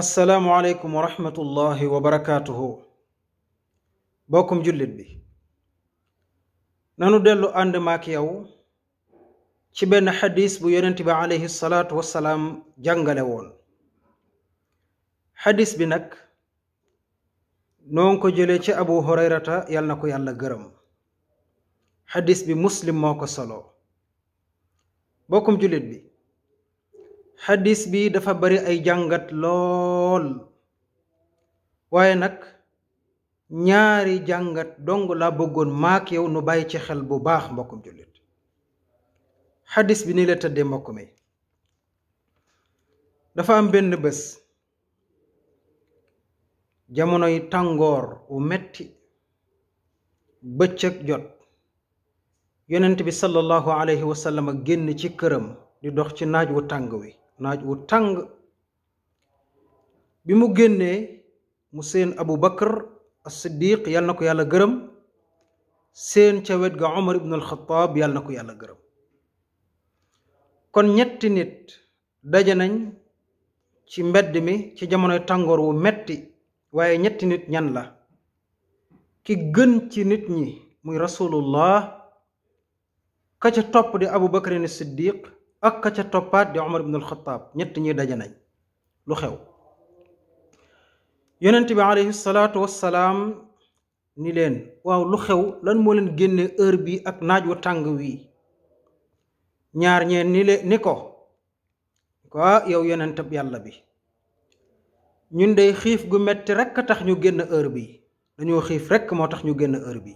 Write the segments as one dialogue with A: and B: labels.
A: asalaamualeykum wa rahmatullahi wa barakaatuhu bokkum jullit bi nanu dellu ànd maak yow ci benn xadis bu yonent bi aleyhi salaatu salaam jàngale woon xadis bi nag noon ko jëlee ci abu hurayrata yal na ko yàlla gërëm xadis bi muslim moo ko solo bokkum jullit bi xadis bi dafa bari ay jàngat lool waaye nag ñaari jàngat dong laa bëggoon maak yow nu bàyyi ci xel bu baax mbokkum jullit xadis bi ni la tëddee mbokk mi dafa am benn bés jamonoy tàngoor wu metti bëccëg jot yonent bi sallallahu alayhi wa génn ci këram di dox ci naaj wu tàng wi naaj wu tàng bi mu génnee mu seen abu bakar as-siddiq yàlla na ko yàlla gërëm seen ca wet ga omar ibn alxataab yàlla ko yàlla gërëm kon ñetti nit daje nañ ci mbedd mi ci jamonoy tàngoor wu metti waaye ñetti nit ñan la ki gën ci nit ñi muy rasulullah ka ca topp di abu bakarin siddiq ak ca toppaat di Omar ibnul Xataab ñett ñi daje nañ lu xew yonent bi aleyhi salaatu wassalaam ni leen waaw lu xew lan moo leen génne heure bi ak naaj wu tàng wi ñaar ñeen ni le ni ko waa ah, yow yonent yàlla bi ñun day xiif gu metti rekk tax ñu génn heure bi dañoo xiif rekk moo tax ñu génn heure bi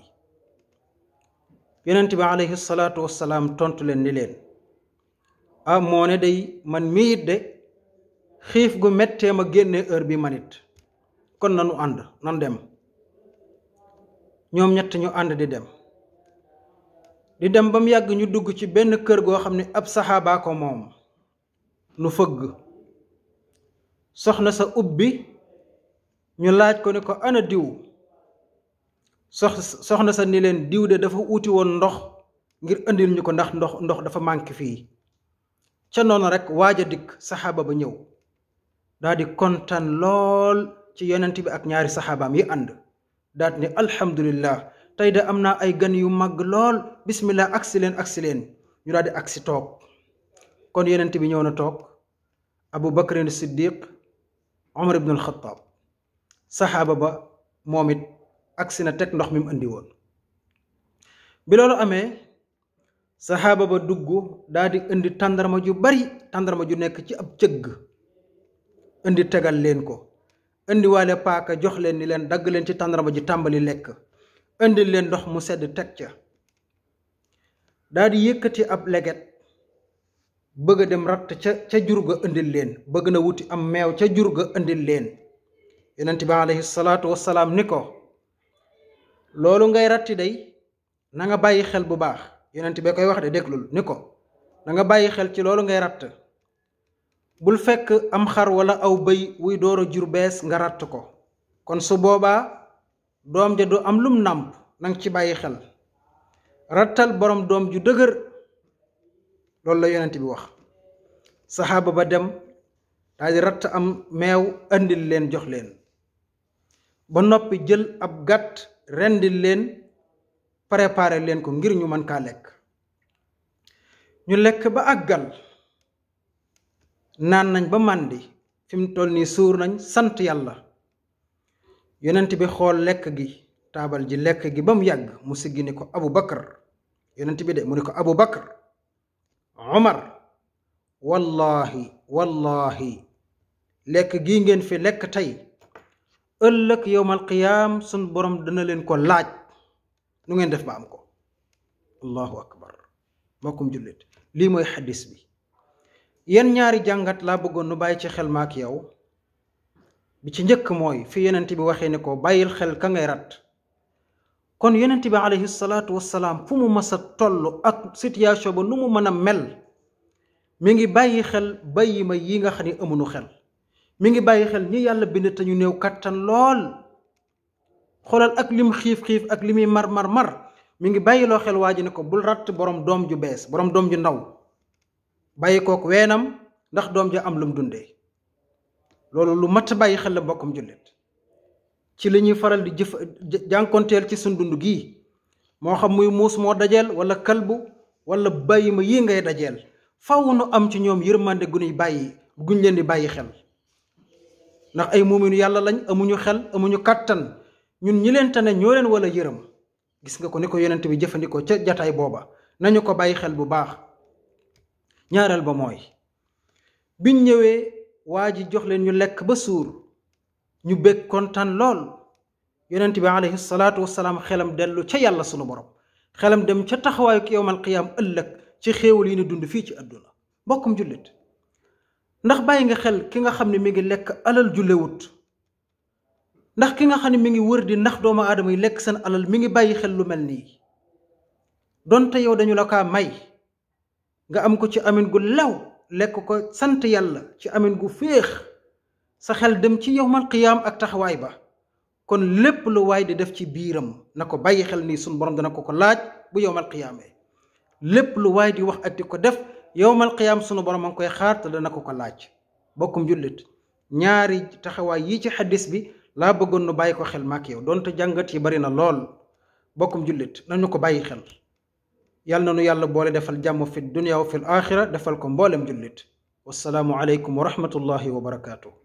A: yonent bi aleyhi salaatu wassalaam tontu leen ni leen ah moo ne day man mii it de xiif gu méttee ma génne heure bi manit kon nanu ànd nan dem ñoom ñett ñu ànd di dem di dem ba mu yàgg ñu dugg ci benn kër goo xam ne ab saxaabaa ko moom nu fëgg soxna sa ubbi ñu laaj ko ne ko ana diw sox soxna sa ni leen diw de dafa uuti woon ndox ngir indil ñu ko ndax ndox ndox dafa manqué fii ca noonu rek waaj a dikk saxaaba ba ñëw daa di kontaan lool ci yonent bi ak ñaari saxaabaam yi ànd daat ne alhamdulillah tey de am na ay gan yu mag lool bismillah agsi leen agsi leen ñu daal di agsi toog kon yonent bi ñëw na toog abu bakrin siddiq omar ibn alxataab saxaaba ba moom it agsi na teg ndox mim indi woon bi loolu amee saxaaba ba dugg daldi indi tàndarma ju bari tàndarma ju nekk ci ab cëgg indi tegal leen ko indi paaka jox leen ni leen dagg leen ci tàndarma ju tàmbali lekk indi leen ndox mu sedd teg ca daldi di yëkkati ab leget bëgg a dem ratt ca ca jur ga indi leen bëgg na wuti am meew ca jur ga indil leen yonent bi alayhi salaatu ni ko loolu ngay ratti day na nga bàyyi xel bu baax yonent bee koy wax de déglul ni ko da bàyyi xel ci loolu ngay ratt bul fekk am xar wala aw bëy wuy door a jur bees nga ratt ko kon su boobaa doom ja du am lum nàmp nanga ci bàyyi xel rattal boroom doom ju dëgër loolu la yonent bi wax saxaaba ba dem daal di ratt am meew indil leen jox leen ba noppi jël ab gàtt rendil leen préparé leen ko ngir ñu mën kaa lekk ñu lekk ba àggal naan nañ ba màndi fi mu toll nii suur nañ sant yàlla yonent bi xool lekk gi taabal ji lekk gi ba mu yàgg mu siggi ni ko abu bakar yonent bi de mu ni ko abu bakar omar wallaahi wallaahi lekk gii ngeen fi lekk tey ëllëg yowmal qiyaam sun borom dina leen ko laaj nu ngeen def ba am ko allahu akbar mbokkum jullit lii mooy xaddis bi yan ñaari jàngat laa bëggoon nu bàyyi ci xel maak yow bi ci njëkk mooy fi yonent bi waxee ne ko bàyyil xel ka ngay rat kon yonent bi alayhi salaatu salaam fu mu mës a toll ak situation ba nu mu mën a mel mi ngi bàyyi xel bàyyi ma yi nga xam ni amuñu xel mi ngi bàyyi xel ñi yàlla bind te ñu néew kàttan lool xoolal ak lim xiif xiif ak li muy mar mar mar mi ngi bàyyiloo xel waa ji ne ko bul ratt boroom doom ju bees borom doom ju ndaw bàyyi kook weenam ndax doom ju am lum dundee loolu lu mat bàyyi xel la mbokkum jullit ci li ñuy faral di jëf jànkonteel ci suñ dund gi moo xam muy muus moo dajeel wala kalbu wala bàyyi ma yii ngay dajeel faw nu am ci ñoom yërmande gu ñuy bàyyi guñ leen di bàyyi xel ndax ay muuminu yàlla lañ amuñu xel amuñu kàttan ñun ñi leen tane ñoo leen wala yërëm gis nga ko ni ko yonent bi jëfandikoo ca jataay booba nañu ko bàyyi xel bu baax ñaareel ba mooy biñ ñëwee waa ji jox leen ñu lekk ba suur ñu bég kontaan lool yonent bi alayhi salaatu wasalaam xelam dellu ca yàlla sunu borom xelam dem ca taxawaayu ki yowmal qiyaam ëllëg ci xéewal yi ñu dund fii ci àdduna mbokkum jullit ndax bàyyi nga xel ki nga xam ne mi ngi lekk alal jullewut ndax ki nga xam ne mu ngi wër di ndax doomu aadama yi lekk seen alal mu ngi bàyyi xel lu mel nii donte yow dañu la kaa may nga am ko ci amin gu law lekk ko sant yàlla ci amin gu feex sa xel dem ci yow man ak taxawaay ba kon lépp lu waaye di def ci biiram na ko bàyyi xel nii suñ borom dana ko ko laaj bu yow man qiyaamee lépp lu waaye di wax ak di ko def yow man qiyaam sunu borom a ngi koy xaar te dana ko ko laaj bokkum jullit ñaari taxawaay yi ci xaddis bi laa bëggoon nu bàyyi ko xel maak yow donte jàngat yi bari na lool bokkum jullit nañu ko bàyyi xel yàlla na nu yàlla boole defal jàmm fi dunya wa fi axira defal ko mboolem jullit wasalaamu aleykum wa rahmatullahi wa barakaatu.